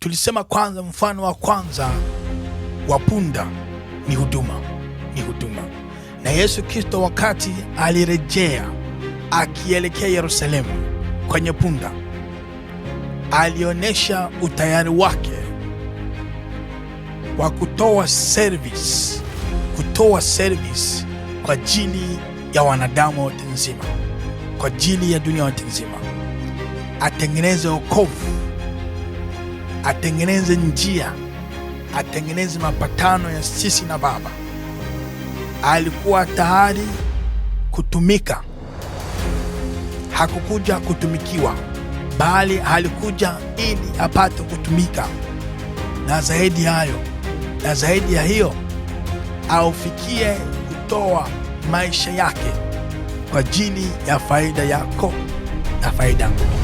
Tulisema kwanza, mfano wa kwanza wa punda ni huduma, ni huduma. Na Yesu Kristo wakati alirejea akielekea Yerusalemu kwenye punda, alionyesha utayari wake wa kutoa service, kutoa service kwa ajili ya wanadamu wote nzima, kwa ajili ya dunia yote nzima, atengeneze wokovu atengeneze njia, atengeneze mapatano ya sisi na Baba. Alikuwa tayari kutumika, hakukuja kutumikiwa, bali alikuja ili apate kutumika, na zaidi hayo, na zaidi ya hiyo, aufikie kutoa maisha yake kwa ajili ya faida yako na faida yangu.